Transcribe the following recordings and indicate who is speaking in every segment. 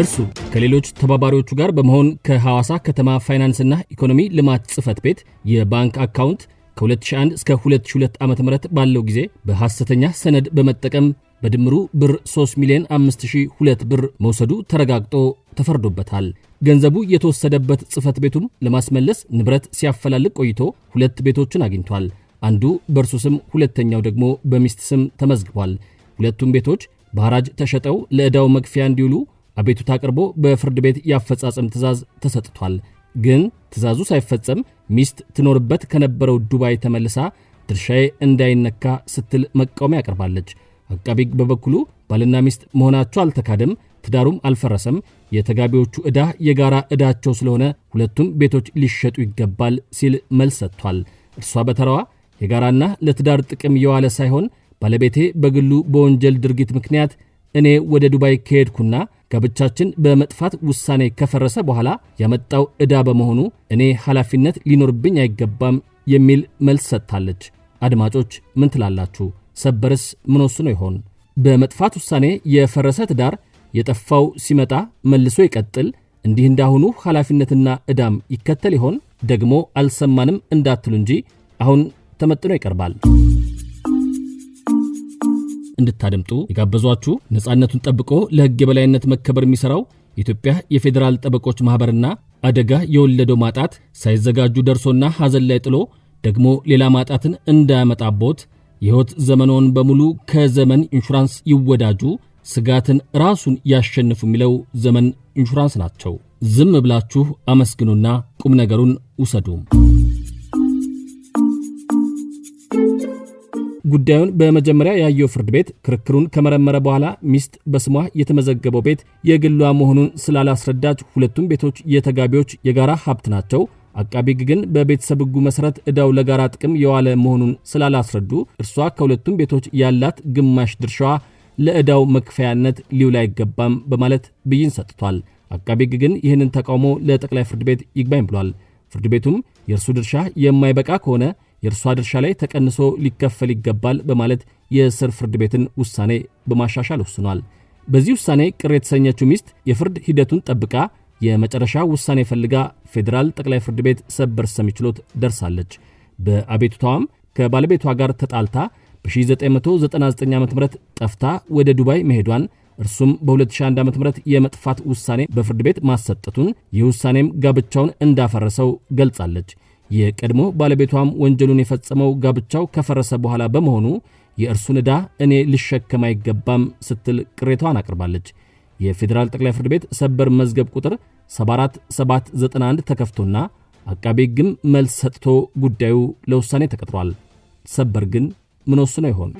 Speaker 1: እርሱ ከሌሎች ተባባሪዎቹ ጋር በመሆን ከሐዋሳ ከተማ ፋይናንስና ኢኮኖሚ ልማት ጽህፈት ቤት የባንክ አካውንት ከ2001 እስከ 2002 ዓ ም ባለው ጊዜ በሐሰተኛ ሰነድ በመጠቀም በድምሩ ብር 3 ሚሊዮን 5002 ብር መውሰዱ ተረጋግጦ ተፈርዶበታል። ገንዘቡ የተወሰደበት ጽህፈት ቤቱም ለማስመለስ ንብረት ሲያፈላልቅ ቆይቶ ሁለት ቤቶችን አግኝቷል። አንዱ በእርሱ ስም፣ ሁለተኛው ደግሞ በሚስት ስም ተመዝግቧል። ሁለቱም ቤቶች በሐራጅ ተሸጠው ለዕዳው መክፊያ እንዲውሉ አቤቱታ አቅርቦ በፍርድ ቤት የአፈጻጸም ትዕዛዝ ተሰጥቷል። ግን ትዛዙ ሳይፈጸም ሚስት ትኖርበት ከነበረው ዱባይ ተመልሳ ድርሻዬ እንዳይነካ ስትል መቃወሚያ ያቀርባለች። አቃቢ ሕግ በበኩሉ ባልና ሚስት መሆናቸው አልተካደም፣ ትዳሩም አልፈረሰም፣ የተጋቢዎቹ ዕዳ የጋራ ዕዳቸው ስለሆነ ሁለቱም ቤቶች ሊሸጡ ይገባል ሲል መልስ ሰጥቷል። እርሷ በተራዋ የጋራና ለትዳር ጥቅም የዋለ ሳይሆን ባለቤቴ በግሉ በወንጀል ድርጊት ምክንያት እኔ ወደ ዱባይ ከሄድኩና ከብቻችን በመጥፋት ውሳኔ ከፈረሰ በኋላ ያመጣው ዕዳ በመሆኑ እኔ ኃላፊነት ሊኖርብኝ አይገባም የሚል መልስ ሰጥታለች። አድማጮች ምን ትላላችሁ? ሰበርስ ምን ወስኖ ይሆን? በመጥፋት ውሳኔ የፈረሰ ትዳር የጠፋው ሲመጣ መልሶ ይቀጥል? እንዲህ እንዳሁኑ ኃላፊነትና ዕዳም ይከተል ይሆን? ደግሞ አልሰማንም እንዳትሉ እንጂ አሁን ተመጥኖ ይቀርባል።
Speaker 2: እንድታደምጡ የጋበዟችሁ ነፃነቱን ጠብቆ ለሕግ የበላይነት መከበር የሚሠራው የኢትዮጵያ የፌዴራል ጠበቆች ማኅበርና አደጋ የወለደው ማጣት ሳይዘጋጁ ደርሶና ሐዘን ላይ ጥሎ ደግሞ ሌላ ማጣትን እንዳያመጣቦት የሕይወት ዘመኖን በሙሉ ከዘመን ኢንሹራንስ ይወዳጁ። ስጋትን ራሱን ያሸንፉ የሚለው ዘመን ኢንሹራንስ ናቸው። ዝም ብላችሁ አመስግኑና ቁም ነገሩን ውሰዱ።
Speaker 3: ጉዳዩን በመጀመሪያ ያየው ፍርድ ቤት ክርክሩን ከመረመረ በኋላ ሚስት በስሟ የተመዘገበው ቤት የግሏ መሆኑን ስላላስረዳች ሁለቱም ቤቶች የተጋቢዎች የጋራ ሀብት ናቸው። አቃቢ ሕግ ግን በቤተሰብ ሕጉ መሰረት እዳው ለጋራ ጥቅም የዋለ መሆኑን ስላላስረዱ እርሷ ከሁለቱም ቤቶች ያላት ግማሽ ድርሻዋ ለእዳው መክፈያነት ሊውል አይገባም በማለት ብይን ሰጥቷል። አቃቢ ሕግ ግን ይህንን ተቃውሞ ለጠቅላይ ፍርድ ቤት ይግባኝ ብሏል። ፍርድ ቤቱም የእርሱ ድርሻ የማይበቃ ከሆነ የእርሷ ድርሻ ላይ ተቀንሶ ሊከፈል ይገባል በማለት የስር ፍርድ ቤትን ውሳኔ በማሻሻል ወስኗል። በዚህ ውሳኔ ቅር የተሰኘችው ሚስት የፍርድ ሂደቱን ጠብቃ የመጨረሻ ውሳኔ ፈልጋ ፌዴራል ጠቅላይ ፍርድ ቤት ሰበር ሰሚ ችሎት ደርሳለች። በአቤቱታዋም ከባለቤቷ ጋር ተጣልታ በ1999 ዓ ም ጠፍታ ወደ ዱባይ መሄዷን እርሱም በ2001 ዓ.ም የመጥፋት ውሳኔ በፍርድ ቤት ማሰጠቱን ይህ ውሳኔም ጋብቻውን እንዳፈረሰው ገልጻለች። የቀድሞ ባለቤቷም ወንጀሉን የፈጸመው ጋብቻው ከፈረሰ በኋላ በመሆኑ የእርሱን ዕዳ እኔ ልሸከም አይገባም ስትል ቅሬታዋን አቅርባለች። የፌዴራል ጠቅላይ ፍርድ ቤት ሰበር መዝገብ ቁጥር 74791 ተከፍቶና አቃቤ ሕግም መልስ ሰጥቶ ጉዳዩ ለውሳኔ ተቀጥሯል። ሰበር ግን ምን ወስኖ ይሆን?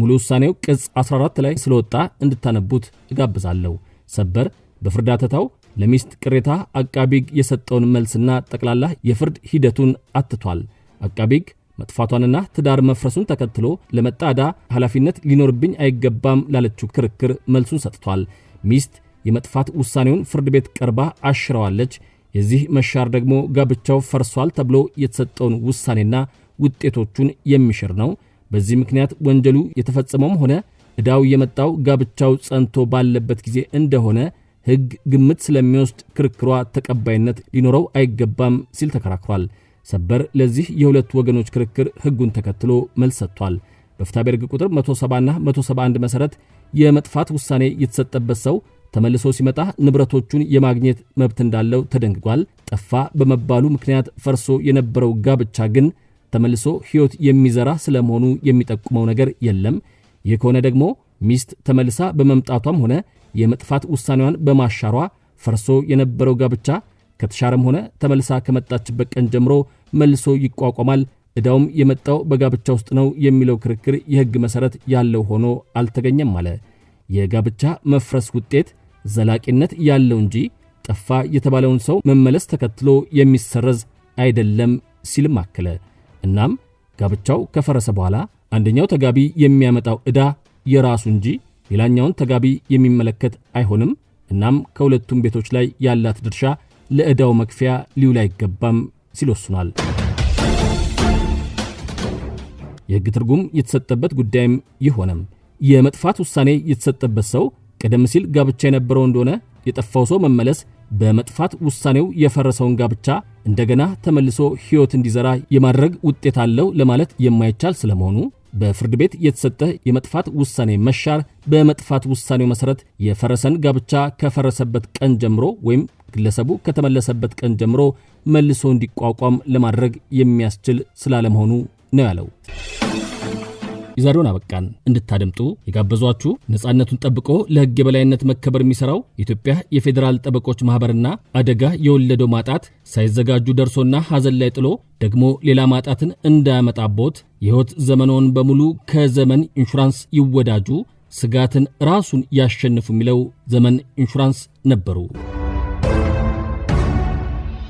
Speaker 4: ሙሉ ውሳኔው ቅጽ 14 ላይ ስለወጣ እንድታነቡት እጋብዛለሁ። ሰበር አተታው ለሚስት ቅሬታ አቃቢግ የሰጠውን መልስና ጠቅላላ የፍርድ ሂደቱን አትቷል። አቃቢግ መጥፋቷንና ትዳር መፍረሱን ተከትሎ ለመጣ ዕዳ ኃላፊነት ሊኖርብኝ አይገባም ላለችው ክርክር መልሱን ሰጥቷል። ሚስት የመጥፋት ውሳኔውን ፍርድ ቤት ቀርባ አሽረዋለች። የዚህ መሻር ደግሞ ጋብቻው ፈርሷል ተብሎ የተሰጠውን ውሳኔና ውጤቶቹን የሚሽር ነው። በዚህ ምክንያት ወንጀሉ የተፈጸመውም ሆነ ዕዳው የመጣው ጋብቻው ጸንቶ ባለበት ጊዜ እንደሆነ ሕግ ግምት ስለሚወስድ ክርክሯ ተቀባይነት ሊኖረው አይገባም ሲል ተከራክሯል። ሰበር ለዚህ የሁለቱ ወገኖች ክርክር ሕጉን ተከትሎ መልስ ሰጥቷል። በፍትሐብሔር ሕግ ቁጥር 170ና 171 መሠረት የመጥፋት ውሳኔ የተሰጠበት ሰው ተመልሶ ሲመጣ ንብረቶቹን የማግኘት መብት እንዳለው ተደንግጓል። ጠፋ በመባሉ ምክንያት ፈርሶ የነበረው ጋብቻ ግን ተመልሶ ሕይወት የሚዘራ ስለመሆኑ የሚጠቁመው ነገር የለም። ይህ ከሆነ ደግሞ ሚስት ተመልሳ በመምጣቷም ሆነ የመጥፋት ውሳኔዋን በማሻሯ ፈርሶ የነበረው ጋብቻ ከተሻረም ሆነ ተመልሳ ከመጣችበት ቀን ጀምሮ መልሶ ይቋቋማል፣ ዕዳውም የመጣው በጋብቻ ውስጥ ነው የሚለው ክርክር የሕግ መሠረት ያለው ሆኖ አልተገኘም አለ። የጋብቻ መፍረስ ውጤት ዘላቂነት ያለው እንጂ ጠፋ የተባለውን ሰው መመለስ ተከትሎ የሚሰረዝ አይደለም ሲልም ማከለ እናም ጋብቻው ከፈረሰ በኋላ አንደኛው ተጋቢ የሚያመጣው ዕዳ የራሱ እንጂ ሌላኛውን ተጋቢ የሚመለከት አይሆንም። እናም ከሁለቱም ቤቶች ላይ ያላት ድርሻ ለዕዳው መክፈያ ሊውል አይገባም ሲል ወስኗል።
Speaker 5: የሕግ ትርጉም የተሰጠበት ጉዳይም ይሆነም የመጥፋት ውሳኔ የተሰጠበት ሰው ቀደም ሲል ጋብቻ የነበረው እንደሆነ የጠፋው ሰው መመለስ በመጥፋት ውሳኔው የፈረሰውን ጋብቻ እንደገና ተመልሶ ሕይወት እንዲዘራ የማድረግ ውጤት አለው ለማለት የማይቻል ስለመሆኑ በፍርድ ቤት የተሰጠ የመጥፋት ውሳኔ መሻር በመጥፋት ውሳኔው መሰረት የፈረሰን ጋብቻ ከፈረሰበት ቀን ጀምሮ ወይም ግለሰቡ ከተመለሰበት ቀን ጀምሮ መልሶ እንዲቋቋም ለማድረግ የሚያስችል ስላለመሆኑ ነው ያለው። የዛሬውን አበቃን። እንድታደምጡ የጋበዟችሁ ነጻነቱን ጠብቆ ለህግ የበላይነት መከበር የሚሰራው የኢትዮጵያ የፌዴራል ጠበቆች ማህበርና አደጋ የወለደው ማጣት ሳይዘጋጁ ደርሶና ሐዘን ላይ ጥሎ ደግሞ ሌላ ማጣትን እንዳያመጣቦት የህይወት ዘመኖን በሙሉ ከዘመን ኢንሹራንስ ይወዳጁ። ስጋትን ራሱን ያሸንፉ የሚለው ዘመን ኢንሹራንስ ነበሩ።